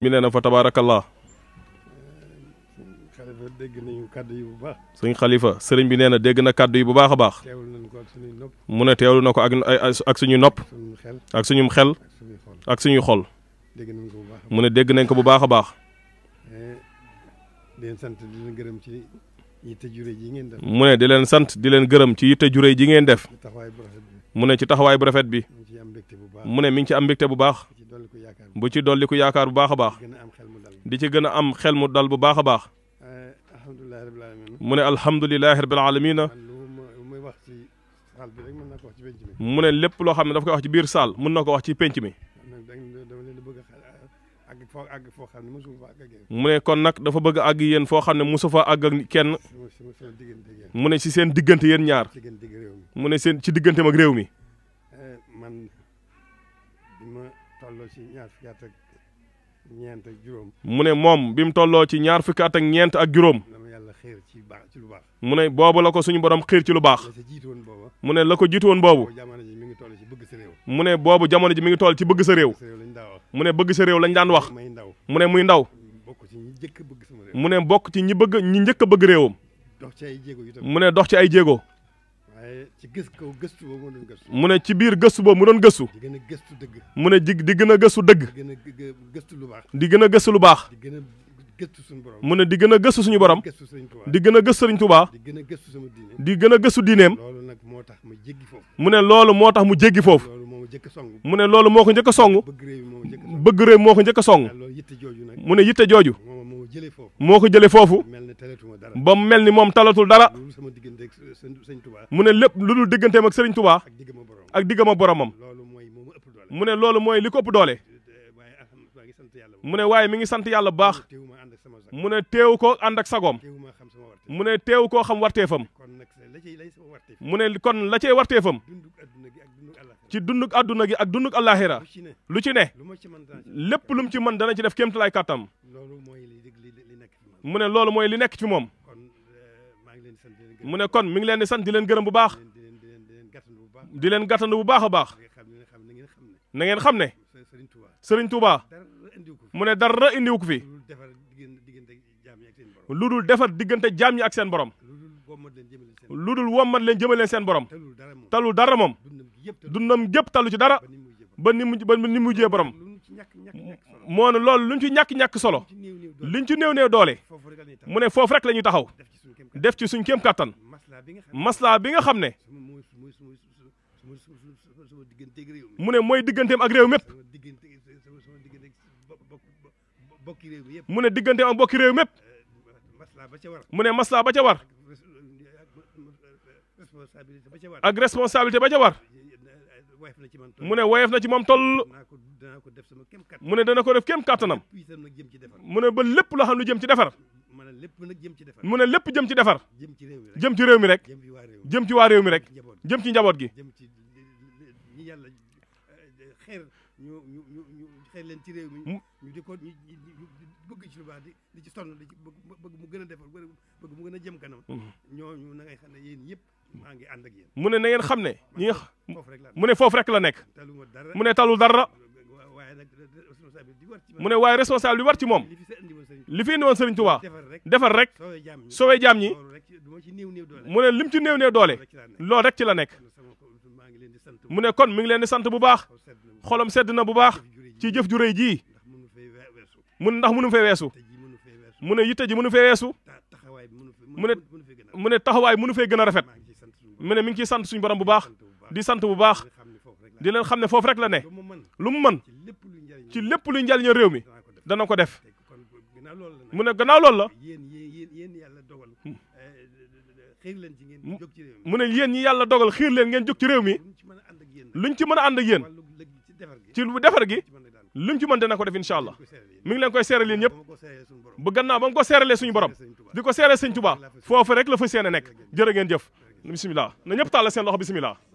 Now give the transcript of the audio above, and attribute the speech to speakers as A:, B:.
A: mi nee na fa tabaarakallah. dégg nañu kàddu yi bu baax. suñ xalifa sëriñ bi neena dégg na kàddu yi bu baax a baax. teewlu nañ ko ak suñuy nopp. mu ne teewlu na ko ak ak suñu nopp. ak suñu xel ak suñuy xol. dégg nañ bu baax mu ne dégg nañ ko bu baax a baax. Eh, di sant di gërëm ci yitte jure ji ngeen def. mu ne di leen sant di leen gërëm ci yitte jure ji ngeen def. mu ne ci taxawaay bu rafet bi. mu ne mi ngi ci am mbégte bu baax. bu ci dolli ko yaakaar bu baax a baax di ci gën a am xel mu dal bu baax a baax eh, mu ne alhamdulilahi rabil alamina mu ne lépp loo xam ne daf koy wax ci biir saal mun na ko wax ci pénc mi mu ne kon nag dafa bëgg ag yéen foo xam ne mosu fa àgg ak kenn mu ne si seen diggante yéen ñaar mu ne seen ci digganteem ak réew mi eh, tolloo ci ñaar fukki at ak ñeent ak juróom. mu ne moom bi mu tolloo ci ñaar fukki at ak ñeent ak juróom. mu ne boobu la ko suñu borom xiir ci lu baax. mu ne la ko jiitu woon boobu. mu ne boobu jamono ji mi ngi toll ci bëgg sa réew. mu ne bëgg sa réew lañ daan wax. mu ne muy ndaw. mu ne bokk ci ñi bëgg ñi njëkk a bëgg réewam. mu ne dox ci ay jéego. ci gës kaw gëstu boobu mu doon gëstu. mu ne ci biir gëstu boobu mu doon gëstu. di gën a gëstu dëgg. mu ne di di gën a gëstu dëgg. di gën a gëstu lu baax. di a gëstu a gëstu suñu mu ne di gën a gëstu suñu borom. di gën a gëstu Sëriñ Tuubaa. di gën a gëstu diineem. tax mu jéggi foofu. mu ne loolu moo tax mu jéggi foofu. mu ne loolu moo ko njëkk a song. bëgg réew moo ko njëkk a song. mu ne yitte jooju. moo ko jëlee foofu. ba mel ni moom talatul dara. mu ne lépp lu dul digganteem ak Serigne Touba ak diggam a boromam mu ne loolu mooy li ko ëpp doole mu ne waaye mi ngi sant yàlla bu baax mu ne teew ko ànd ak sagoom mu ne teew koo xam warteefam mu ne kon la cay warteefam ci dunduk àdduna gi ak dunduk àllaaxira lu ci ne lépp lu mu ci mën dana ci def kéemtalaay kàttam mu ne loolu mooy li nekk ci moom mu ne kon mi ngi leen di sant di leen gërëm bu baax di leen gàttandu bu baax a baax na ngeen xam ne Serigne Touba mu ne dara indiwu ko fi lu dul defar diggante jaam ñi ak seen borom lu dul wommat leen jëmale leen seen borom talul dara moom dundam gépp talu ci dara ba ni mu ba ni mujjee borom moo ne loolu lu ñu ci ñàkk-ñàkk solo liñ ci néew néew doole mu ne foofu rek la ñuy taxaw def ci suñ kéem kàttan maslaa bi nga xam ne mu ne mooy digganteem ak réew mépp mu ne digganteem ak bokki réew mépp eh, mu ne maslaa eh, eh, ba ca war ak responsabilité ba ca war mu ne woyof na ci moom toll mu ne dana ko def kéem kàttanam mu ne ba lépp loo xam lu jëm ci defar mu ne lépp jëm ci defar jëm ci réew mi rek jëm ci waa réew mi rek jëm ci njaboot gi eh, ñu ñu ñu ñu xëy leen ci réew mi. ñu di ko ñu bëgg ci lu baax di di ci sonn di ci bëgg mu gën a defar bëgg mu gën a jëm kanam. Mm-hmm. ñooñu na ngay xam yéen yëpp. mu ne na ngeen xam ne ñi nga mu ne foofu rek la nekk mu ne talul dara mu ne waaye responsable bi war ci moom li fi indi woon Serigne Touba defar rek soowee jaam ñi mu ne lim ci néew néew doole lool rek ci la nekk mu ne kon mi ngi leen di sant bu baax xolam sedd na bu baax ci jëf ju rëy jii mu ne ndax mënu fee weesu mu ne yitte ji mënu fee weesu mu ne mu ne taxawaay mënu fee gën a rafet mu ne mi ngi ciy sant suñu borom bu baax di sant bu baax di leen xam ne foofu rek la ne lu mu mën ci lépp luy njëriñoo réew mi dana ko def mu ne gannaaw loolu la yéen ñi yàlla dogal xiir leen ngeen jóg ci réew mi luñ ci mën a ànd ak yéen ci lu defar gi luñ ci mën dana ko def incha allah mi ngi leen koy seeral yéen ñëpp bu gannaaw ba mu ko seeralee suñu borom di ko seeree sëñ Tuubaa foofu rek la fa seen nekk jërë ngeen jëf. bisimilah na ñëpp tàllal seen loxo bisimilah.